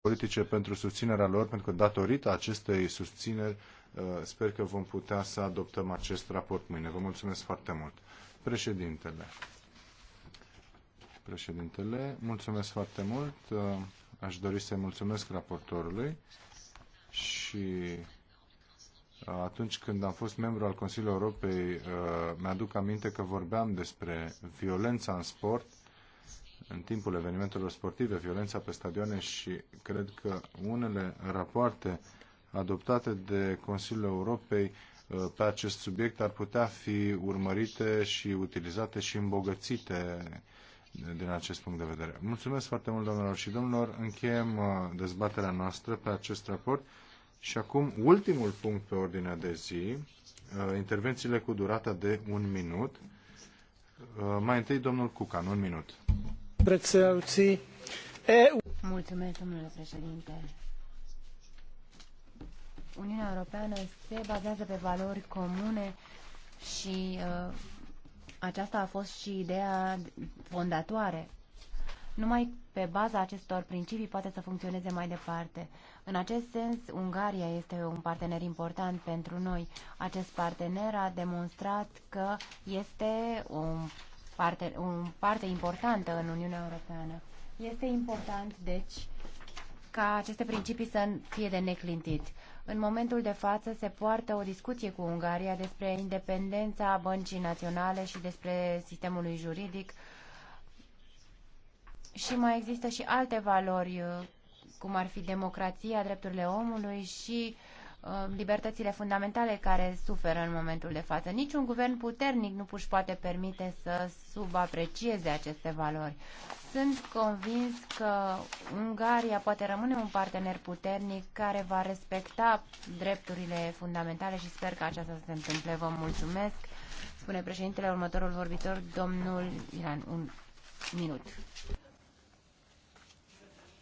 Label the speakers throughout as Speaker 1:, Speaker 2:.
Speaker 1: politice pentru susținerea lor, pentru că datorită acestei susțineri uh, sper că vom putea să adoptăm acest raport mâine. Vă mulțumesc foarte mult. Președintele. Președintele, mulțumesc foarte mult. Uh, aș dori să-i mulțumesc raportorului și uh, atunci când am fost membru al Consiliului Europei, mi-aduc aminte că vorbeam despre violența în sport în timpul evenimentelor sportive, violența pe stadioane și cred că unele rapoarte adoptate de Consiliul Europei uh, pe acest subiect ar putea fi urmărite și utilizate și îmbogățite din acest punct de vedere. Mulțumesc foarte mult, domnilor și domnilor. Încheiem uh, dezbaterea noastră pe acest raport. Și acum, ultimul punct pe ordinea de zi, uh, intervențiile cu durata de un minut. Mai întâi, domnul Cucan, un minut.
Speaker 2: Mulțumesc, Uniunea Europeană se bazează pe valori comune și uh, aceasta a fost și ideea fondatoare. Numai pe baza acestor principii poate să funcționeze mai departe. În acest sens, Ungaria este un partener important pentru noi. Acest partener a demonstrat că este un parte, o parte importantă în Uniunea Europeană. Este important, deci, ca aceste principii să fie de neclintit. În momentul de față se poartă o discuție cu Ungaria despre independența băncii naționale și despre sistemului juridic și mai există și alte valori, cum ar fi democrația, drepturile omului și uh, Uh, libertățile fundamentale care suferă în momentul de față. Niciun guvern puternic nu își poate permite să subaprecieze aceste valori. Sunt convins că Ungaria poate rămâne un partener puternic care va respecta drepturile fundamentale și sper că aceasta să se întâmple. Vă mulțumesc. Spune președintele următorul vorbitor, domnul Iran. Un minut.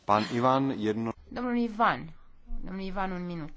Speaker 1: Pan Ivan,
Speaker 2: Domnul Ivan. Domnul Ivan, un minut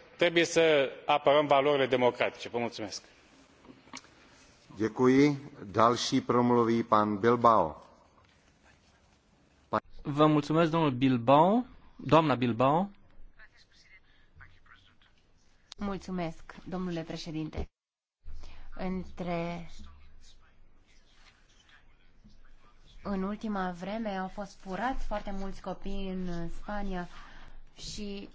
Speaker 3: trebuie să apărăm valorile democratice. Vă mulțumesc.
Speaker 1: Vă
Speaker 4: mulțumesc, domnul Bilbao. Doamna Bilbao.
Speaker 2: Mulțumesc, domnule președinte. Între în ultima vreme au fost furați foarte mulți copii în Spania și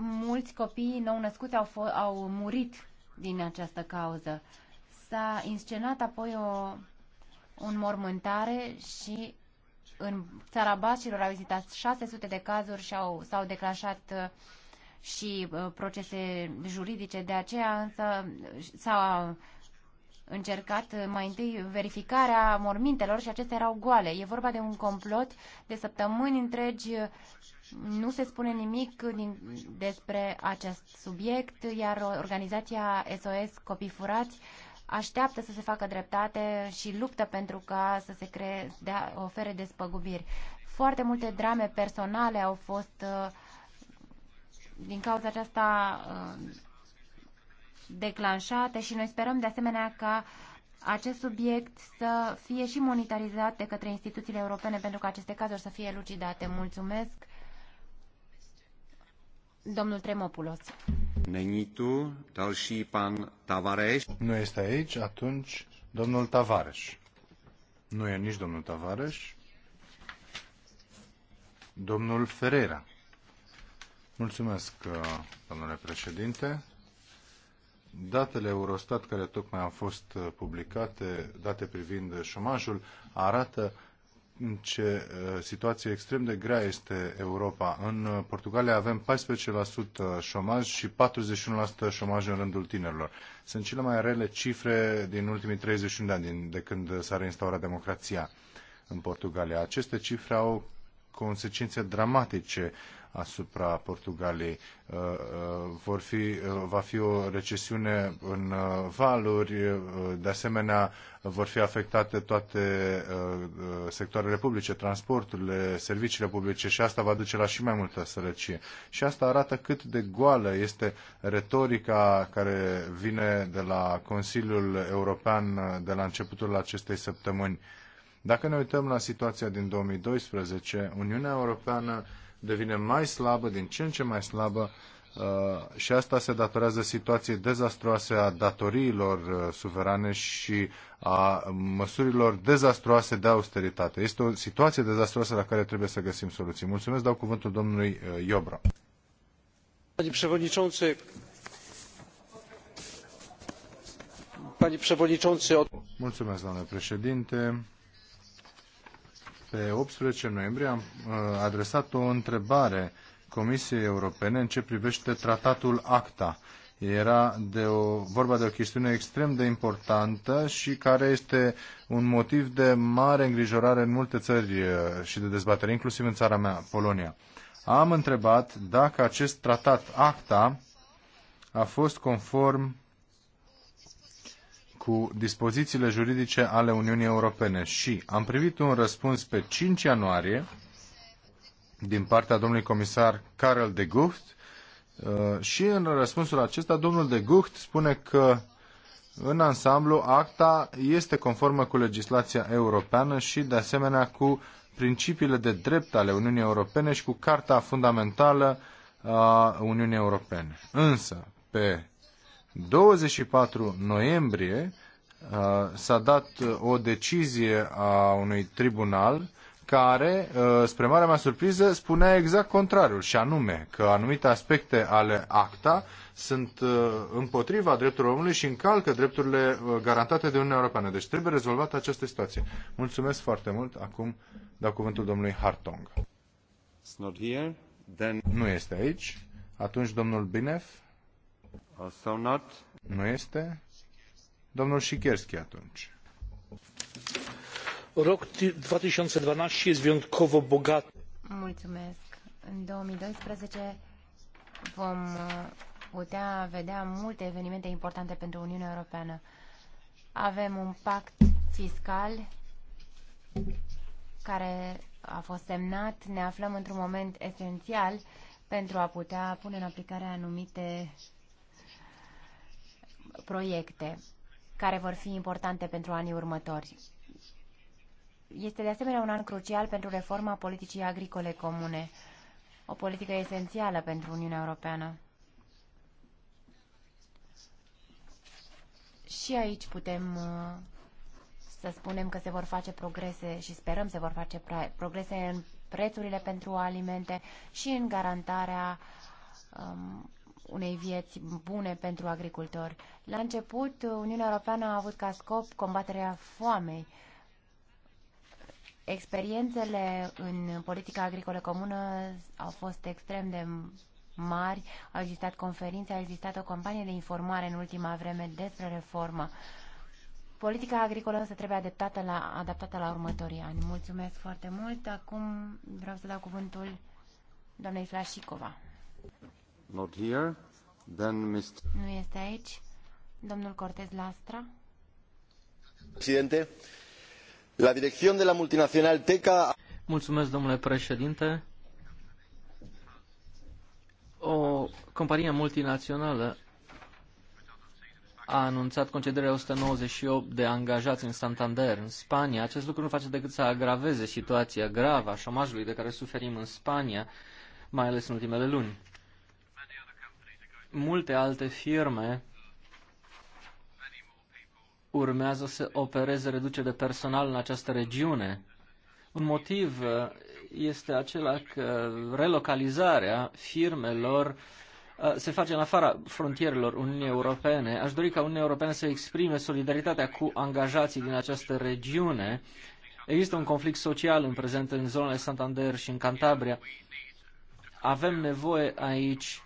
Speaker 2: mulți copii nou-născuți au, au murit din această cauză. S-a inscenat apoi o un mormântare și în țara Bacilor au existat 600 de cazuri și au, s-au declanșat uh, și uh, procese juridice. De aceea însă s-a încercat uh, mai întâi verificarea mormintelor și acestea erau goale. E vorba de un complot de săptămâni întregi nu se spune nimic din, despre acest subiect, iar organizația SOS Copii Furați așteaptă să se facă dreptate și luptă pentru ca să se cree, dea, ofere despăgubiri. Foarte multe drame personale au fost uh, din cauza aceasta uh, declanșate și noi sperăm de asemenea ca acest subiect să fie și monitorizat de către instituțiile europene pentru că aceste cazuri să fie lucidate Mulțumesc! Domnul
Speaker 1: Není tu, další pan Tavares. Nu este aici, atunci domnul Tavares. Nu e nici domnul Tavares. Domnul Ferreira. Mulțumesc, uh, domnule președinte. Datele Eurostat care tocmai au fost uh, publicate, date privind șomajul, arată în ce uh, situație extrem de grea este Europa. În uh, Portugalia avem 14% șomaj și 41% șomaj în rândul tinerilor. Sunt cele mai rele cifre din ultimii 31 de ani de când s-a reinstaurat democrația în Portugalia. Aceste cifre au consecințe dramatice asupra Portugaliei. Uh, uh, vor fi, uh, va fi o recesiune în valuri, de asemenea vor fi afectate toate sectoarele publice, transporturile, serviciile publice și asta va duce la și mai multă sărăcie. Și asta arată cât de goală este retorica care vine de la Consiliul European de la începutul acestei săptămâni. Dacă ne uităm la situația din 2012, Uniunea Europeană devine mai slabă, din ce în ce mai slabă uh, și asta se datorează situației dezastroase a datoriilor uh, suverane și a măsurilor dezastroase de austeritate. Este o situație dezastroasă la care trebuie să găsim soluții. Mulțumesc, dau cuvântul domnului uh, Iobra.
Speaker 5: Panie
Speaker 6: Przewodniczący, Panie Przewodniczący,
Speaker 1: Mulțumesc, președinte. Pe 18 noiembrie am uh, adresat o întrebare Comisiei Europene în ce privește tratatul ACTA. Era de o, vorba de o chestiune extrem de importantă și care este un motiv de mare îngrijorare în multe țări uh, și de dezbatere, inclusiv în țara mea, Polonia. Am întrebat dacă acest tratat ACTA a fost conform cu dispozițiile juridice ale Uniunii Europene și am primit un răspuns pe 5 ianuarie din partea domnului comisar Karel de Gucht uh, și în răspunsul acesta domnul de Gucht spune că în ansamblu acta este conformă cu legislația europeană și de asemenea cu principiile de drept ale Uniunii Europene și cu Carta Fundamentală a Uniunii Europene. Însă, pe 24 noiembrie uh, s-a dat uh, o decizie a unui tribunal care, uh, spre marea mea surpriză, spunea exact contrariul, și anume că anumite aspecte ale ACTA sunt împotriva drepturilor omului și încalcă drepturile garantate de Uniunea Europeană. Deci trebuie rezolvată această situație. Mulțumesc foarte mult. Acum dau cuvântul domnului Hartong. Here, then... Nu este aici. Atunci domnul Binef. Nu este? Domnul Sikierski atunci.
Speaker 6: Rok 2012 jest wyjątkowo bogat.
Speaker 2: Mulțumesc. În 2012 vom uh, putea vedea multe evenimente importante pentru Uniunea Europeană. Avem un pact fiscal care a fost semnat. Ne aflăm într-un moment esențial pentru a putea pune în aplicare anumite proiecte care vor fi importante pentru anii următori. Este de asemenea un an crucial pentru reforma politicii agricole comune, o politică esențială pentru Uniunea Europeană. Și aici putem uh, să spunem că se vor face progrese și sperăm se vor face progrese în prețurile pentru alimente și în garantarea um, unei vieți bune pentru agricultori. La început, Uniunea Europeană a avut ca scop combaterea foamei. Experiențele în politica agricolă comună au fost extrem de mari, au existat conferințe, a existat o campanie de informare în ultima vreme despre reformă. Politica agricolă însă trebuie adaptată la, adaptată la următorii ani. Mulțumesc foarte mult. Acum vreau să dau cuvântul doamnei Flașicova
Speaker 1: not here. Then Mr.
Speaker 2: Nu este aici. Domnul Cortez Lastra.
Speaker 1: Presidente, la dirección de la multinacional TECA... Mulțumesc,
Speaker 4: domnule președinte. O companie multinațională a anunțat concederea 198 de angajați în Santander, în Spania. Acest lucru nu face decât să agraveze situația gravă a șomajului de care suferim în Spania, mai ales în ultimele luni multe alte firme urmează să opereze reducere de personal în această regiune. Un motiv uh, este acela că relocalizarea firmelor uh, se face în afara frontierelor Uniunii Europene. Aș dori ca Uniunea Europeană să exprime solidaritatea cu angajații din această regiune. Există un conflict social în prezent în zonele Santander și în Cantabria. Avem nevoie aici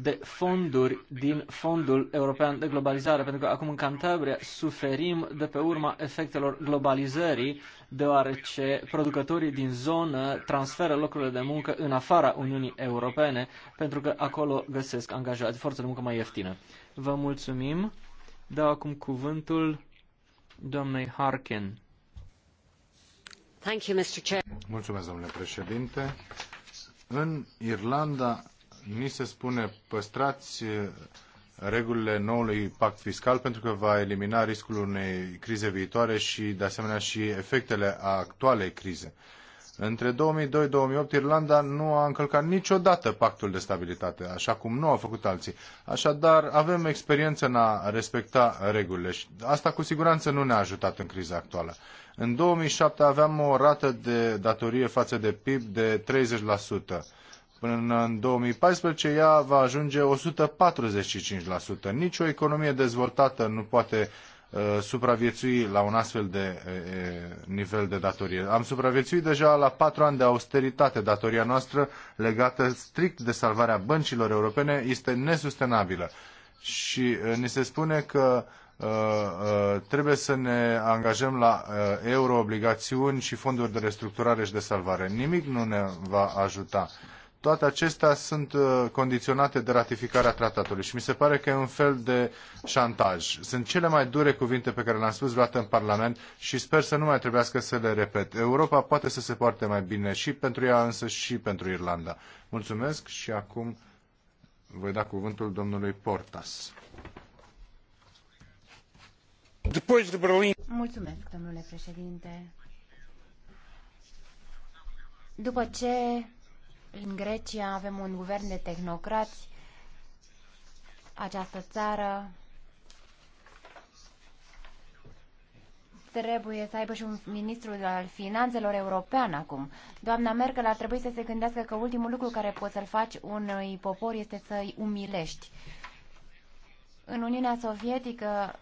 Speaker 4: de fonduri din Fondul European de Globalizare, pentru că acum în Cantabria suferim de pe urma efectelor globalizării, deoarece producătorii din zonă transferă locurile de muncă în afara Uniunii Europene, pentru că acolo găsesc angajați, forță de muncă mai ieftină. Vă mulțumim. Dau acum cuvântul
Speaker 1: doamnei Harkin. Mulțumesc, domnule președinte. În Irlanda ni se spune păstrați eh, regulile noului pact fiscal pentru că va elimina riscul unei crize viitoare și, de asemenea, și efectele a actualei crize. Între 2002-2008, Irlanda nu a încălcat niciodată pactul de stabilitate, așa cum nu au făcut alții. Așadar, avem experiență în a respecta regulile și asta cu siguranță nu ne-a ajutat în criza actuală. În 2007 aveam o rată de datorie față de PIB de 30%. Până în 2014 ea va ajunge 145%. Nici o economie dezvoltată nu poate uh, supraviețui la un astfel de uh, nivel de datorie. Am supraviețuit deja la patru ani de austeritate. Datoria noastră legată strict de salvarea băncilor europene este nesustenabilă. Și uh, ni se spune că trebuie să ne angajăm la euroobligațiuni și fonduri de restructurare și de salvare. Nimic nu ne va ajuta toate acestea sunt uh, condiționate de ratificarea tratatului și mi se pare că e un fel de șantaj. Sunt cele mai dure cuvinte pe care le-am spus vreodată în Parlament și sper să nu mai trebuiască să le repet. Europa poate să se poarte mai bine și pentru ea însă și pentru Irlanda. Mulțumesc și acum voi da cuvântul domnului Portas.
Speaker 2: Mulțumesc, domnule președinte. După ce în Grecia avem un guvern de tehnocrați. Această țară trebuie să aibă și un ministru al finanțelor european acum. Doamna Merkel ar trebui să se gândească că ultimul lucru care poți să-l faci unui popor este să-i umilești. În Uniunea Sovietică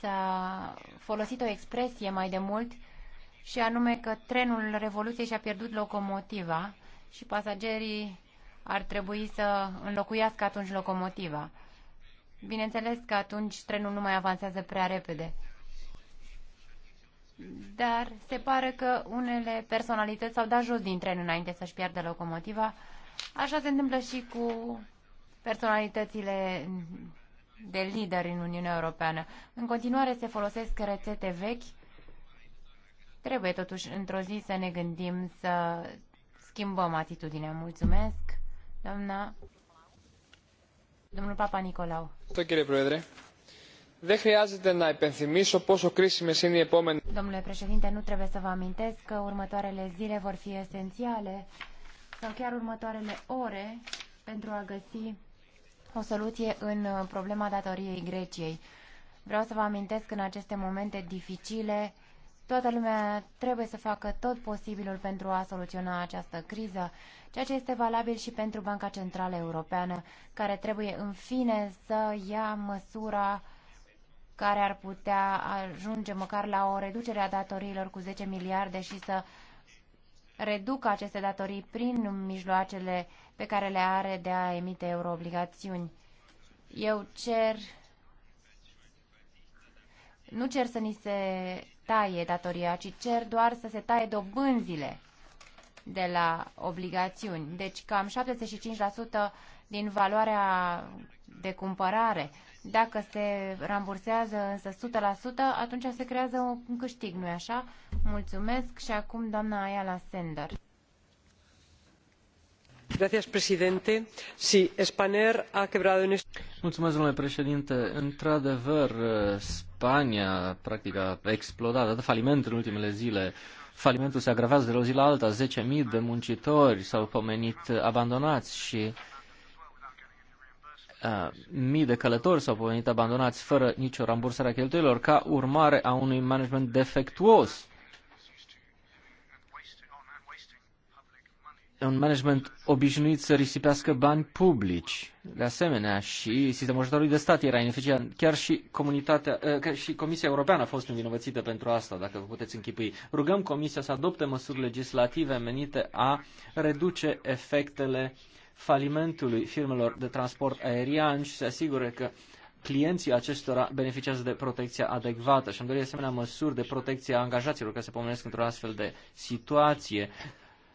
Speaker 2: s-a folosit o expresie mai de mult și anume că trenul Revoluției și-a pierdut locomotiva și pasagerii ar trebui să înlocuiască atunci locomotiva. Bineînțeles că atunci trenul nu mai avansează prea repede. Dar se pare că unele personalități s-au dat jos din tren înainte să-și piardă locomotiva. Așa se întâmplă și cu personalitățile de lideri în Uniunea Europeană. În continuare se folosesc rețete vechi Trebuie totuși într-o zi să ne gândim să schimbăm atitudinea. Mulțumesc, doamna. Domnul Papa Nicolau. Domnule președinte, nu trebuie să vă amintesc că următoarele zile vor fi esențiale sau chiar următoarele ore pentru a găsi o soluție în problema datoriei Greciei. Vreau să vă amintesc că în aceste momente dificile Toată lumea trebuie să facă tot posibilul pentru a soluționa această criză, ceea ce este valabil și pentru Banca Centrală Europeană, care trebuie în fine să ia măsura care ar putea ajunge măcar la o reducere a datoriilor cu 10 miliarde și să reducă aceste datorii prin mijloacele pe care le are de a emite euroobligațiuni. Eu cer, nu cer să ni se taie datoria, ci cer doar să se taie dobânzile de la obligațiuni. Deci cam 75% din valoarea de cumpărare. Dacă se rambursează însă 100%, atunci se creează un câștig, nu-i așa? Mulțumesc și acum doamna Ayala Sender
Speaker 7: președinte.
Speaker 4: Într-adevăr, Spania practic a explodat, a dat faliment în ultimele zile. Falimentul se agravează de la o zi la alta. mii de muncitori s-au pomenit abandonați și mii de călători s-au pomenit abandonați fără nicio rambursare a cheltuielor ca urmare a unui management defectuos un management obișnuit să risipească bani publici. De asemenea, și sistemul ajutorului de stat era ineficient. Chiar și, comunitatea, eh, chiar și Comisia Europeană a fost învinovățită pentru asta, dacă vă puteți închipui. Rugăm Comisia să adopte măsuri legislative menite a reduce efectele falimentului firmelor de transport aerian și să asigure că clienții acestora beneficiază de protecția adecvată și am dorit asemenea măsuri de protecție a angajaților care se pomenesc într-o astfel de situație.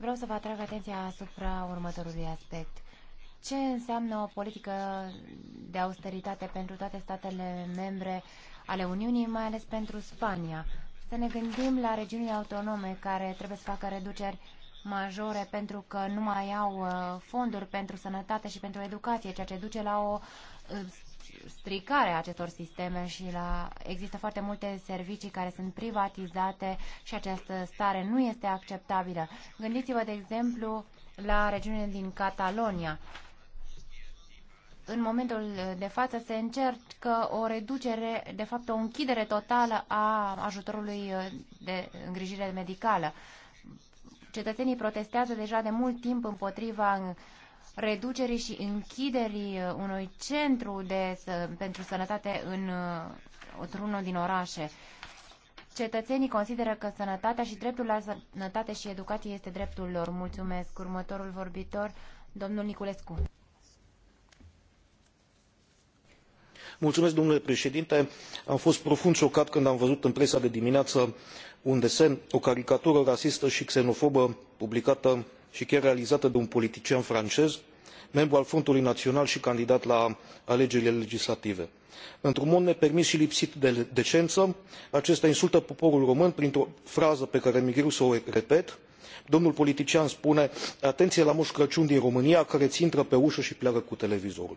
Speaker 2: Vreau să vă atrag atenția asupra următorului aspect. Ce înseamnă o politică de austeritate pentru toate statele membre ale Uniunii, mai ales pentru Spania? Să ne gândim la regiunile autonome care trebuie să facă reduceri majore pentru că nu mai au uh, fonduri pentru sănătate și pentru educație, ceea ce duce la o uh, stricare a acestor sisteme și la, există foarte multe servicii care sunt privatizate și această stare nu este acceptabilă. Gândiți-vă, de exemplu, la regiunea din Catalonia. În momentul de față se încercă o reducere, de fapt o închidere totală a ajutorului de îngrijire medicală. Cetățenii protestează deja de mult timp împotriva reducerii și închiderii uh, unui centru de, pentru sănătate în, uh, într-unul din orașe. Cetățenii consideră că sănătatea și dreptul la sănătate și educație este dreptul lor. Mulțumesc. Următorul vorbitor, domnul Niculescu.
Speaker 6: Mulțumesc, domnule președinte. Am fost profund șocat când am văzut în presa de dimineață un desen, o caricatură rasistă și xenofobă publicată i chiar realizată de un politician francez membru al frontului naional i candidat la alegerile legislative. într un mod nepermis i lipsit de decenă acesta insultă poporul român printr o frază pe care mi e greu să o repet domnul politician spune atenie la molu crăciun din românia care ți intră pe uă i pleacă cu televizorul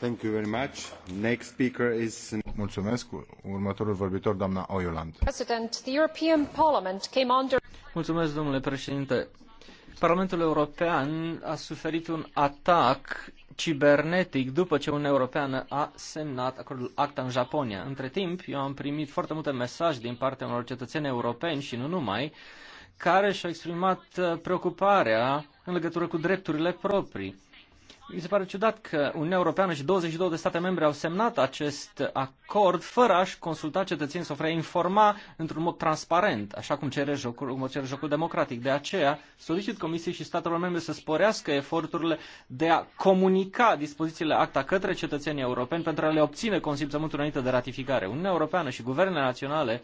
Speaker 1: Thank you very much. Next speaker is... Mulțumesc. Următorul vorbitor, doamna Oiuland.
Speaker 5: President, the European Parliament came under...
Speaker 1: Mulțumesc, domnule
Speaker 4: președinte. Parlamentul European a suferit un atac cibernetic după ce Uniunea Europeană a semnat acordul ACTA în Japonia. Între timp, eu am primit foarte multe mesaje din partea unor cetățeni europeni și nu numai, care și-au exprimat uh, preocuparea în legătură cu drepturile proprii. Mi se pare ciudat că Uniunea Europeană și 22 de state membre au semnat acest acord fără a-și consulta cetățenii sau fără a informa într-un mod transparent, așa cum cere jocul, cum cere jocul democratic. De aceea solicit Comisiei și statelor membre să sporească eforturile de a comunica dispozițiile acta către cetățenii europeni pentru a le obține consimțământul înainte de ratificare. Uniunea Europeană și guvernele naționale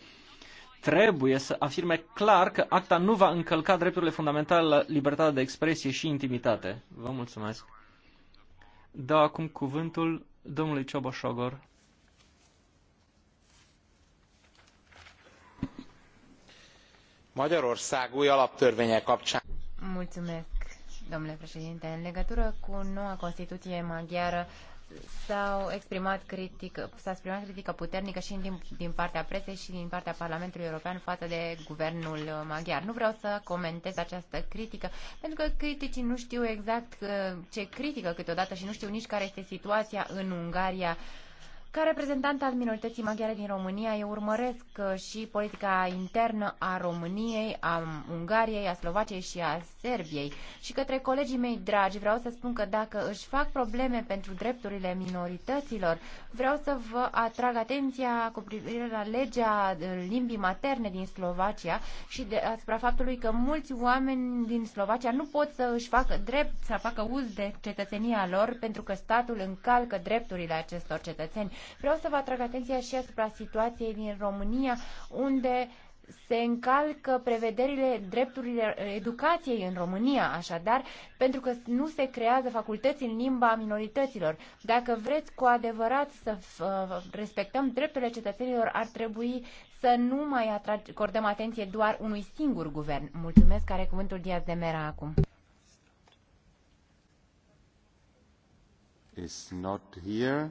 Speaker 4: trebuie să afirme clar că acta nu va încălca drepturile fundamentale la libertatea de expresie și intimitate. Vă mulțumesc. Da acum cuvântul domnului Cioba Șogor.
Speaker 3: Magyarország új alaptörvénye kapcsán.
Speaker 2: Mulțumesc, domnule președinte. În legătură cu noua Constituție maghiară, s-au exprimat critică, s-a exprimat critică puternică și din, din partea presei și din partea Parlamentului European față de guvernul maghiar. Nu vreau să comentez această critică, pentru că criticii nu știu exact uh, ce critică câteodată și nu știu nici care este situația în Ungaria ca reprezentant al minorității maghiare din România, eu urmăresc uh, și politica internă a României, a Ungariei, a Slovaciei și a Serbiei. Și către colegii mei dragi vreau să spun că dacă își fac probleme pentru drepturile minorităților, vreau să vă atrag atenția cu privire la legea uh, limbii materne din Slovacia și de, asupra faptului că mulți oameni din Slovacia nu pot să își facă drept, să facă uz de cetățenia lor pentru că statul încalcă drepturile acestor cetățeni Vreau să vă atrag atenția și asupra situației din România, unde se încalcă prevederile drepturile educației în România, așadar, pentru că nu se creează facultăți în limba minorităților. Dacă vreți cu adevărat să respectăm drepturile cetățenilor, ar trebui să nu mai acordăm atenție doar unui singur guvern. Mulțumesc, care cuvântul Diaz de Mera acum.
Speaker 1: It's not here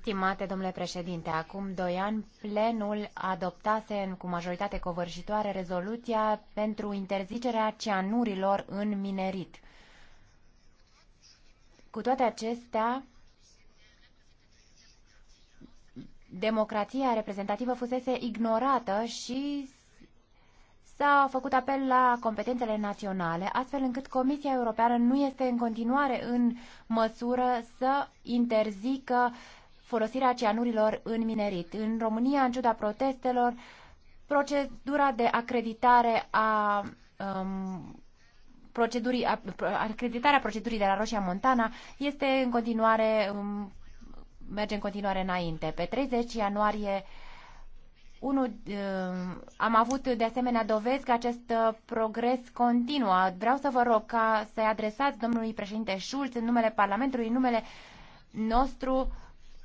Speaker 2: Stimate domnule președinte, acum doi ani plenul adoptase cu majoritate covârșitoare rezoluția pentru interzicerea cianurilor în minerit. Cu toate acestea, democrația reprezentativă fusese ignorată și s-a făcut apel la competențele naționale, astfel încât Comisia Europeană nu este în continuare în măsură să interzică folosirea cianurilor în minerit. În România, în ciuda protestelor, procedura de acreditare a um, procedurii, a, acreditarea procedurii de la Roșia Montana este în continuare, um, merge în continuare înainte. Pe 30 ianuarie unul, um, am avut de asemenea dovezi că acest uh, progres continuă. Vreau să vă rog ca să-i adresați domnului președinte Schulz în numele Parlamentului, în numele nostru,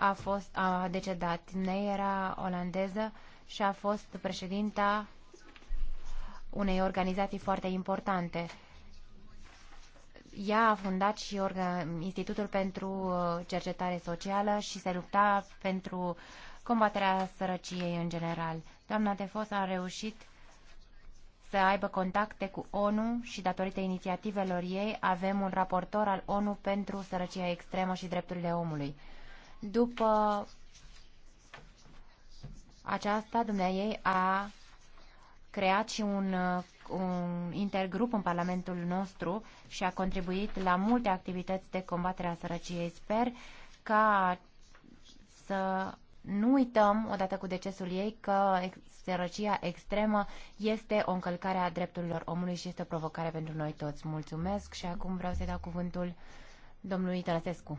Speaker 2: a, fost, a decedat. Ney era olandeză și a fost președinta unei organizații foarte importante. Ea a fundat și Institutul pentru uh, Cercetare Socială și se lupta pentru combaterea sărăciei în general. Doamna Defos a reușit să aibă contacte cu ONU și datorită inițiativelor ei avem un raportor al ONU pentru sărăcia extremă și drepturile omului. După aceasta, dumneai ei a creat și un, un intergrup în Parlamentul nostru și a contribuit la multe activități de combatere a sărăciei. Sper ca să nu uităm, odată cu decesul ei, că sărăcia extremă este o încălcare a drepturilor omului și este o provocare pentru noi toți. Mulțumesc și acum vreau să-i dau cuvântul domnului Tănăsescu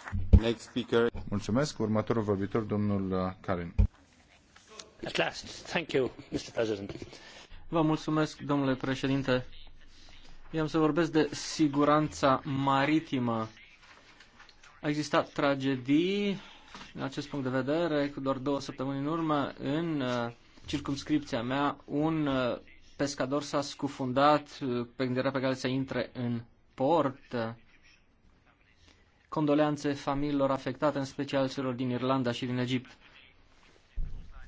Speaker 1: Next speaker. Mulțumesc. Următorul vorbitor, domnul uh, Karin. At last. Thank you, Mr. President. Vă mulțumesc,
Speaker 4: domnule președinte. Eu am să vorbesc de siguranța maritimă. A existat tragedii, în acest punct de vedere, cu doar două săptămâni în urmă, în uh, circumscripția mea, un uh, pescador s-a scufundat uh, pe gândirea pe care să intre în port condoleanțe familiilor afectate, în special celor din Irlanda și din Egipt.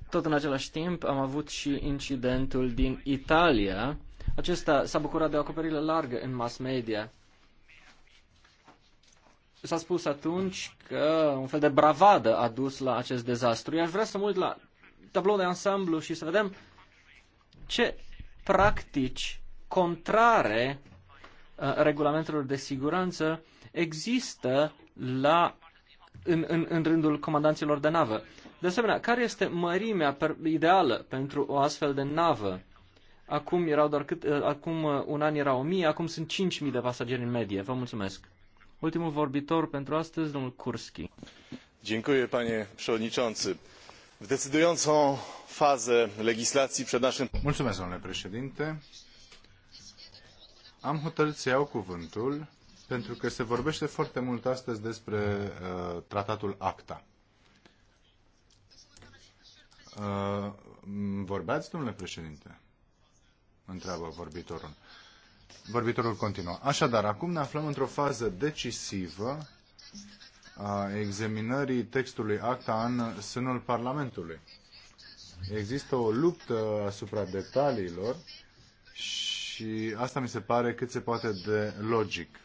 Speaker 4: Tot în același timp am avut și incidentul din Italia. Acesta s-a bucurat de o acoperire largă în mass media. S-a spus atunci că un fel de bravadă a dus la acest dezastru. I-aș vrea să mă uit la tablou de ansamblu și să vedem ce practici contrare uh, regulamentelor de siguranță există la, în, în, în rândul comandanților de navă. De asemenea, care este mărimea ideală pentru o astfel de navă? Acum, erau doar cât, uh, acum uh, un an erau 1000, acum sunt 5000 de pasageri în medie. Vă mulțumesc. Ultimul vorbitor pentru astăzi, domnul Kurski.
Speaker 1: Dziękuję, panie przewodniczący. W decydującą fazę legislacji przed naszym... Mulțumesc, domnule președinte. Am hotărât să iau cuvântul pentru că se vorbește foarte mult astăzi despre uh, tratatul ACTA. Uh, vorbeați, domnule președinte? Întreabă vorbitorul. Vorbitorul continuă. Așadar, acum ne aflăm într-o fază decisivă a examinării textului ACTA în sânul Parlamentului. Există o luptă asupra detaliilor și asta mi se pare cât se poate de logic.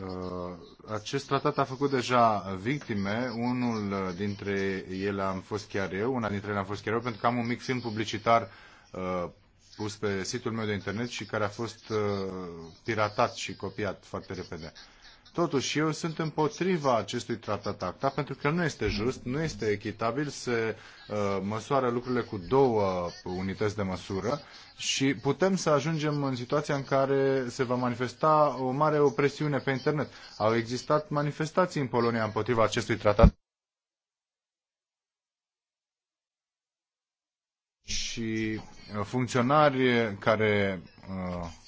Speaker 1: Uh, acest tratat a făcut deja victime, unul uh, dintre ele am fost chiar eu, una dintre ele am fost chiar eu, pentru că am un mic film publicitar uh, pus pe site-ul meu de internet și care a fost piratat și copiat foarte repede. Totuși, eu sunt împotriva acestui tratat acta pentru că nu este just, nu este echitabil, se uh, măsoară lucrurile cu două unități de măsură și putem să ajungem în situația în care se va manifesta o mare opresiune pe internet. Au existat manifestații în Polonia împotriva acestui tratat. Și uh, funcționari care uh,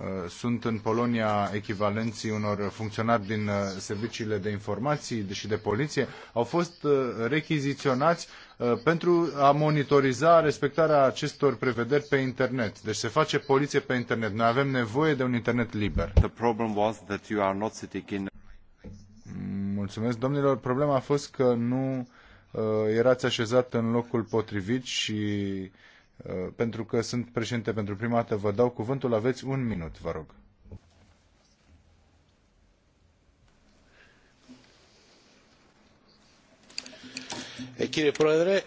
Speaker 1: Uh, sunt în Polonia echivalenții unor funcționari din uh, serviciile de informații și de poliție, au fost uh, rechiziționați pentru a monitoriza respectarea acestor prevederi pe internet. Deci se face poliție pe internet. Noi avem nevoie de un internet liber. Mulțumesc, domnilor. Problema a fost că nu uh, erați așezat în locul potrivit și Uh, pentru că sunt președinte pentru prima dată, vă dau cuvântul, aveți un minut, vă rog.
Speaker 3: Eh,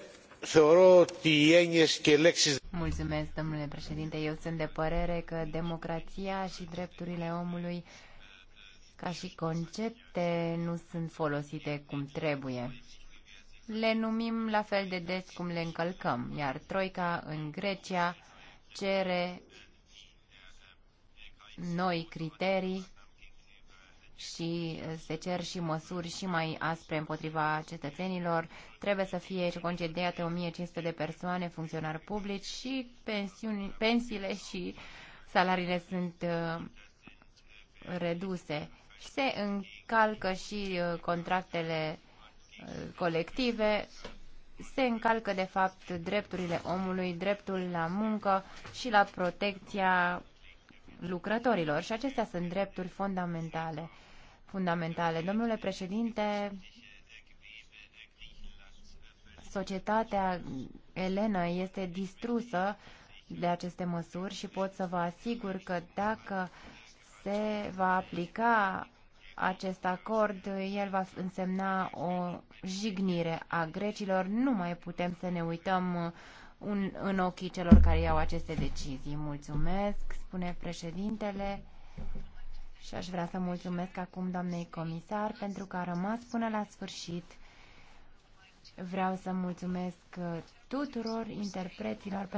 Speaker 2: Mulțumesc, domnule președinte. Eu sunt de părere că democrația și drepturile omului ca și concepte nu sunt folosite cum trebuie le numim la fel de des cum le încălcăm, iar Troica în Grecia cere noi criterii și se cer și măsuri și mai aspre împotriva cetățenilor. Trebuie să fie concediate 1500 de persoane, funcționari publici și pensiuni, pensiile și salariile sunt uh, reduse. Se încalcă și uh, contractele colective, se încalcă de fapt drepturile omului, dreptul la muncă și la protecția lucrătorilor și acestea sunt drepturi fundamentale. fundamentale. Domnule președinte, societatea elenă este distrusă de aceste măsuri și pot să vă asigur că dacă se va aplica acest acord, el va însemna o jignire a grecilor. Nu mai putem să ne uităm uh, un, în ochii celor care iau aceste decizii. Mulțumesc, spune președintele. Și aș vrea să mulțumesc acum doamnei comisar pentru că a rămas până la sfârșit. Vreau să mulțumesc uh, tuturor interpreților